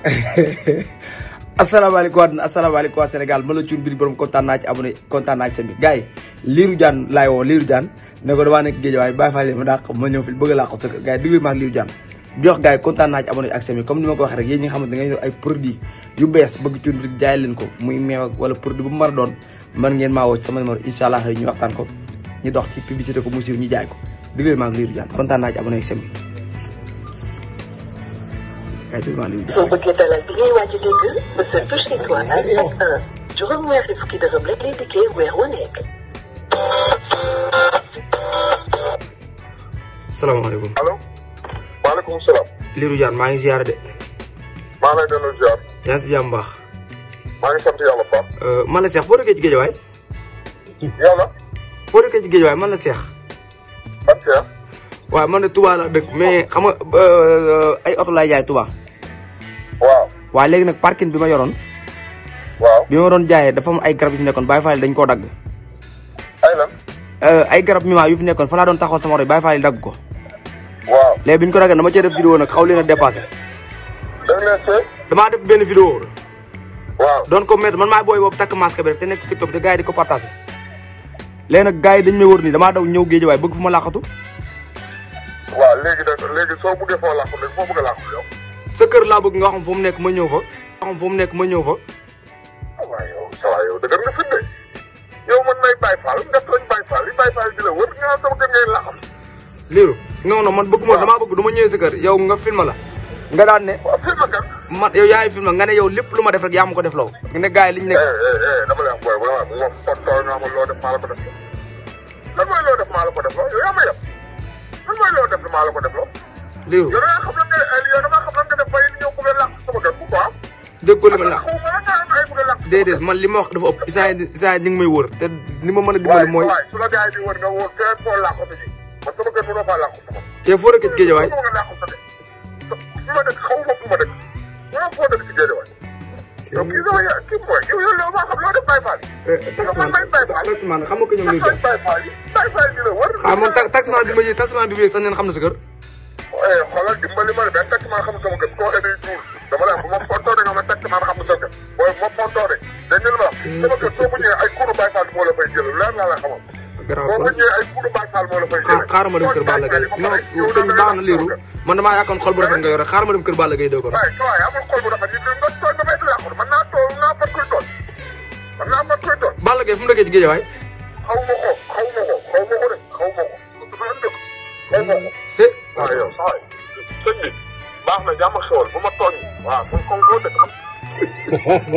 asalaamaaleykum àdduna asalaamaaleykum waa Sénégal ma la cuun biir borom kontaan naa ci abonné kontaan naa ci seen bi liiru jaan laay woo liiru jaan ne ko damaa nekk géej waaye bàyyi faa leen ma dàq ma ñëw fi bëgg laa ko sa liiru jaan bi comme ni ma ko waxee rek yéen ñi nga xamante ne ngay ay produit leen ko muy meew wala produit bu mu mën doon mën ngeen maa woo ci sama numéro incha allah ñu ko ñu dox ci publicité jaay ko jaan kontaan naa ci abonné xeetu wàllu yu soo bëggee dalal bi ngay waaj a dégg bësal touche étoile ak un juróom-ñaar yi fukki dërëm rek lay dikkee weer wu nekk. salaamaaleykum. allo. maaleykum salaam. Lirou Diane maa ngi ziar de. maa ngi lay delloo ziar. yaa ngi si jàmm baax. maa ngi sant yàlla bu baax. Euh, man la Cheikh foo dëkkee ci géej waay. yàlla. foo dëkkee ci géej waay man la Cheikh. ak Cheikh. waa man de Touba la dëkk mais xam nga euh, ay oto laay jaay Touba. waaw. waaw léegi nag parking bi ma yoroon. bi ma doon jaayee dafa am ay garab yu nekkoon Baye Fall dañ koo dagg. ay lan. Euh, garab mi maa yu fi nekkoon fa laa doon taxawal sama oto Baye Fall dagg ko. waaw bi ñu ko daggee dama cee def vidéo nag xaw leen a dépassé. damaa def benn vidéo. waaw doon ko man maa booy boobu takk masque bi rek te nekk ci TikTok te gars di ko partagé. léegi nag gars yi dañ may wër nii damaa daw ñëw géej waaye bëgg fu ma waaw léegi nag léegi soo bëggee foo làqu nag foo bëgg a làqu yow. laa bëgg nga xam fu mu nekk ma ñëw fa. nga xam fu mu nekk ma ñëw fa. waaw yow ça va yow dëgër nga firnde yow man nay Baye Fall nga tooñ Baye Fall yi Baye Fall di la wër nga naan sama kër ngay làqam. liiru bëgg du ma ñëwee sa kër yow nga filma la. nga daan ne waaw filma kan. man yow yaay filma nga ne yow lépp lu ma def rek yaa ma ko def law. nga ne gars yi liñ nekk. Eh, eh, eh, dama lay wax booy ma loo def maa la ko loo def maa def la maa la ko def loo. liiru yow eh, a li ma làq déedéet man li ma wax dafa ëpp Issa Issa ñu ngi may wër te li ma mën a dimbali mooy. waay su la nga wër te foo làq oto ji man sama kër mënoo faa làq sama. te foo dëkk Géejawaay. fu ma dëkk ah man tax taximan bi ma yéeg taximan bi ma yéeg sax neen xam na sa kër. Eh, xoolal dimbali ma ne benn taximan xam sama kër koo day tuur dama la wax moom fonto de nga ma taximan xam sa kër booy moom fonto de dañ la wax eh, sama kër soo ko ñëwee ay kuuru Baye Fall moo la fay jël leer naa la xamal boo ko ñëwee ay kuuru Baye Fall moo la fay jël xaaral ma dem kër Balla Gaye non sëñ bi baax na liiru man damaa yaakaar xol bu rafet nga yore xaaral ma dem kër Balla Gaye doo ko waay waay amul xol bu rafet nit nga tooñ ba may laqul man naa tooñ naa fat koy tooñ man naa fat koy tooñ Balla Gaye fu mu dëkkee ci géej waay xaw ma waaw yow saa yi sëñ bi baax na jàmm xewal bu ma tooñ waaw comme comme boo dëkk